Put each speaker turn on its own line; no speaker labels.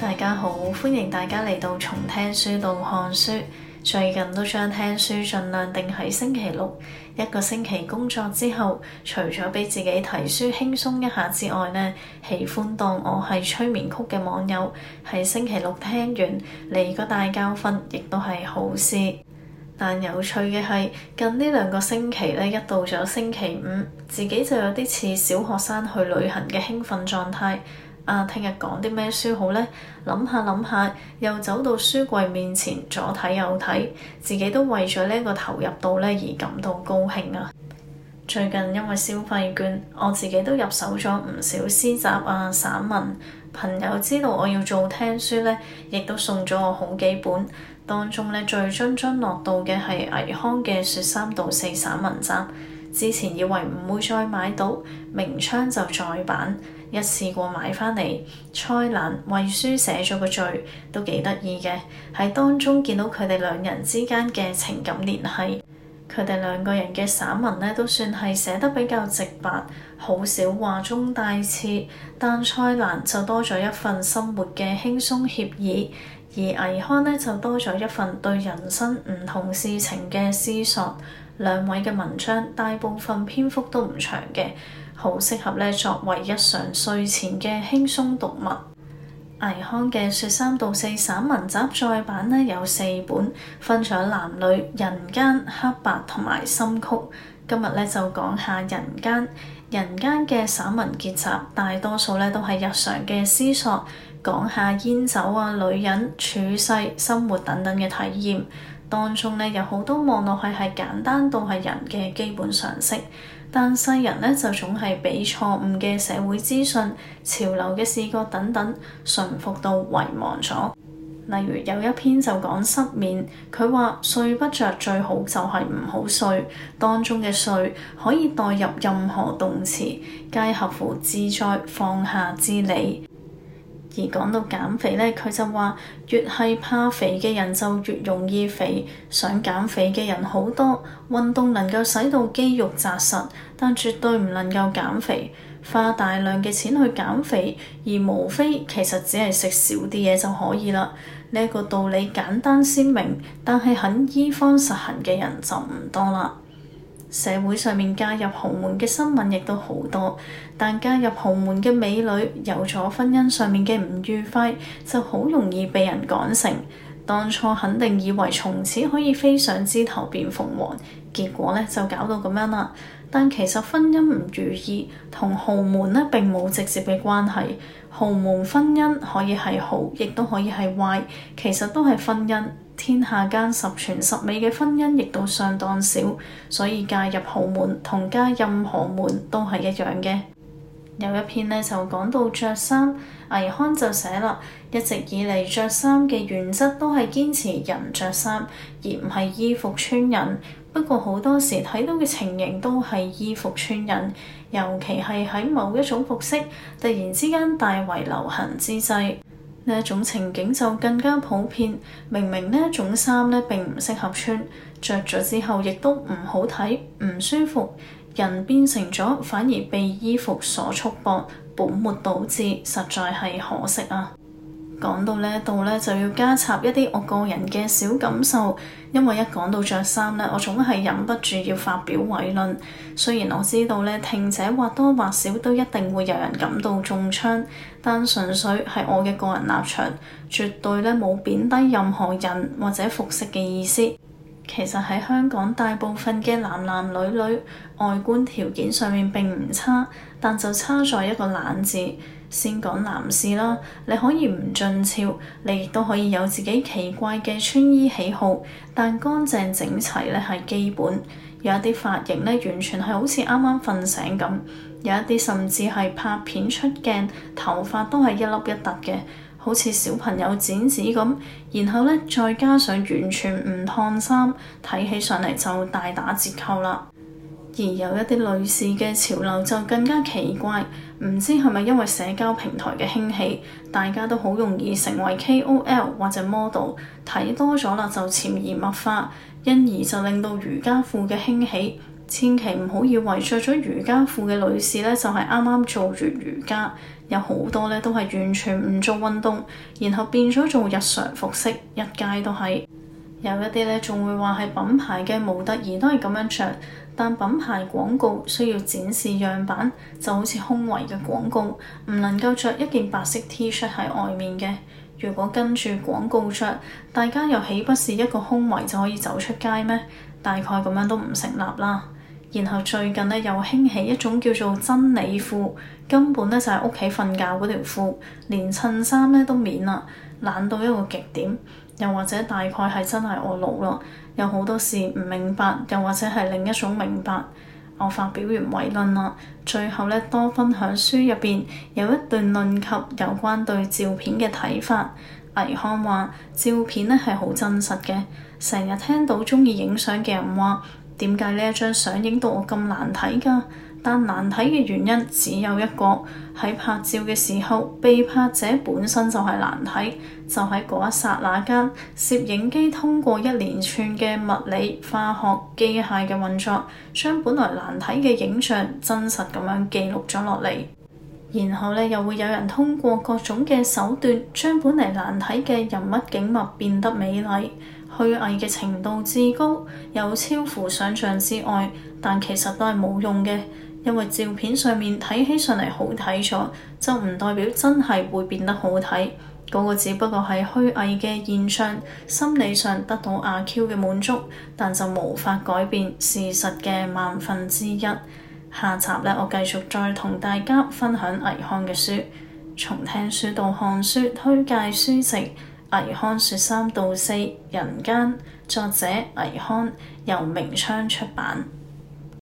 大家好，歡迎大家嚟到從聽書到看書。最近都將聽書盡量定喺星期六，一個星期工作之後，除咗俾自己睇書輕鬆一下之外呢，喜歡當我係催眠曲嘅網友，喺星期六聽完嚟個大覺瞓，亦都係好事。但有趣嘅係，近呢兩個星期呢，一到咗星期五，自己就有啲似小學生去旅行嘅興奮狀態。啊！聽日講啲咩書好呢？諗下諗下，又走到書櫃面前，左睇右睇，自己都為咗呢個投入度呢而感到高興啊！最近因為消費券，我自己都入手咗唔少詩集啊、散文。朋友知道我要做聽書呢，亦都送咗我好幾本，當中呢，最津津樂道嘅係倪匡嘅《說三道四散文集》。之前以為唔會再買到，明窗就再版。一次過買返嚟，蔡瀾為書寫咗個序，都幾得意嘅。喺當中見到佢哋兩人之間嘅情感聯繫，佢哋兩個人嘅散文呢，都算係寫得比較直白，好少話中帶刺。但蔡瀾就多咗一份生活嘅輕鬆愜意，而倪匡呢，就多咗一份對人生唔同事情嘅思索。兩位嘅文章大部分篇幅都唔長嘅。好適合咧作為日常睡前嘅輕鬆讀物。倪匡嘅《説三道四》散文集再版咧有四本，分咗男女、人間、黑白同埋深曲。今日咧就講下人間。人間嘅散文結集大多數咧都係日常嘅思索，講下煙酒啊、女人、處世、生活等等嘅體驗，當中咧有好多望落去係簡單到係人嘅基本常識。但世人呢，就總係俾錯誤嘅社會資訊、潮流嘅視覺等等，馴服到遺忘咗。例如有一篇就講失眠，佢話睡不着最好就係唔好睡，當中嘅睡可以代入任何動詞，皆合乎自在放下之理。而講到減肥呢，佢就話越係怕肥嘅人就越容易肥，想減肥嘅人好多。運動能夠使到肌肉扎實，但絕對唔能夠減肥。花大量嘅錢去減肥，而無非其實只係食少啲嘢就可以啦。呢一個道理簡單鮮明，但係肯依方實行嘅人就唔多啦。社會上面嫁入豪門嘅新聞亦都好多，但嫁入豪門嘅美女有咗婚姻上面嘅唔愉快，就好容易被人講成當初肯定以為從此可以飛上枝頭變鳳凰，結果呢就搞到咁樣啦。但其實婚姻唔如意同豪門呢並冇直接嘅關係，豪門婚姻可以係好，亦都可以係壞，其實都係婚姻。天下間十全十美嘅婚姻亦都相當少，所以嫁入豪門同嫁任何門都係一樣嘅。有一篇呢就講到着衫，倪匡就寫啦，一直以嚟着衫嘅原則都係堅持人着衫，而唔係衣服穿人。不過好多時睇到嘅情形都係衣服穿人，尤其係喺某一種服飾突然之間大為流行之際。呢種情景就更加普遍。明明呢種衫咧並唔適合穿，著咗之後亦都唔好睇、唔舒服，人變成咗反而被衣服所束縛，本末倒置，實在係可惜啊！講到呢度呢，就要加插一啲我個人嘅小感受，因為一講到着衫呢，我總係忍不住要發表偉論。雖然我知道呢，聽者或多或少都一定會有人感到中槍，但純粹係我嘅個人立場，絕對呢冇貶低任何人或者服飾嘅意思。其實喺香港大部分嘅男男女女外觀條件上面並唔差，但就差在一個懶字。先講男士啦，你可以唔俊俏，你亦都可以有自己奇怪嘅穿衣喜好，但乾淨整齊咧係基本。有一啲髮型咧，完全係好似啱啱瞓醒咁；有一啲甚至係拍片出鏡，頭髮都係一凹一凸嘅，好似小朋友剪紙咁。然後咧，再加上完全唔燙衫，睇起上嚟就大打折扣啦。而有一啲女士嘅潮流就更加奇怪，唔知係咪因為社交平台嘅興起，大家都好容易成為 KOL 或者 model，睇多咗啦就潛移默化，因而就令到瑜伽褲嘅興起。千祈唔好以為着咗瑜伽褲嘅女士咧就係啱啱做完瑜伽，有好多咧都係完全唔做運動，然後變咗做日常服飾，一街都係。有一啲咧仲會話係品牌嘅模特兒都係咁樣着。但品牌廣告需要展示樣板，就好似胸圍嘅廣告，唔能夠着一件白色 T 恤喺外面嘅。如果跟住廣告着，大家又豈不是一個胸圍就可以走出街咩？大概咁樣都唔成立啦。然後最近呢，又興起一種叫做真理褲，根本呢就係屋企瞓覺嗰條褲，連襯衫呢都免啦，懶到一個極點。又或者大概係真係我老啦。有好多事唔明白，又或者係另一種明白。我發表完偉論啦，最後呢，多分享書入邊有一段論及有關對照片嘅睇法。倪匡話：照片呢係好真實嘅，成日聽到鍾意影相嘅人話，點解呢一張相影到我咁難睇㗎？但難睇嘅原因只有一個，喺拍照嘅時候，被拍者本身就係難睇，就喺嗰一剎那間，攝影機通過一連串嘅物理、化學、機械嘅運作，將本來難睇嘅影像真實咁樣記錄咗落嚟。然後呢，又會有人通過各種嘅手段，將本嚟難睇嘅人物景物變得美麗，虛偽嘅程度至高，有超乎想象之外，但其實都係冇用嘅。因為照片上面睇起上嚟好睇咗，就唔代表真係會變得好睇。嗰個只不過係虛偽嘅現象，心理上得到阿 Q 嘅滿足，但就無法改變事實嘅萬分之一。下集呢，我繼續再同大家分享倪匡嘅書，從聽書到看書，推介書籍《倪匡說三道四》，《人間》，作者倪匡，由明窗出版。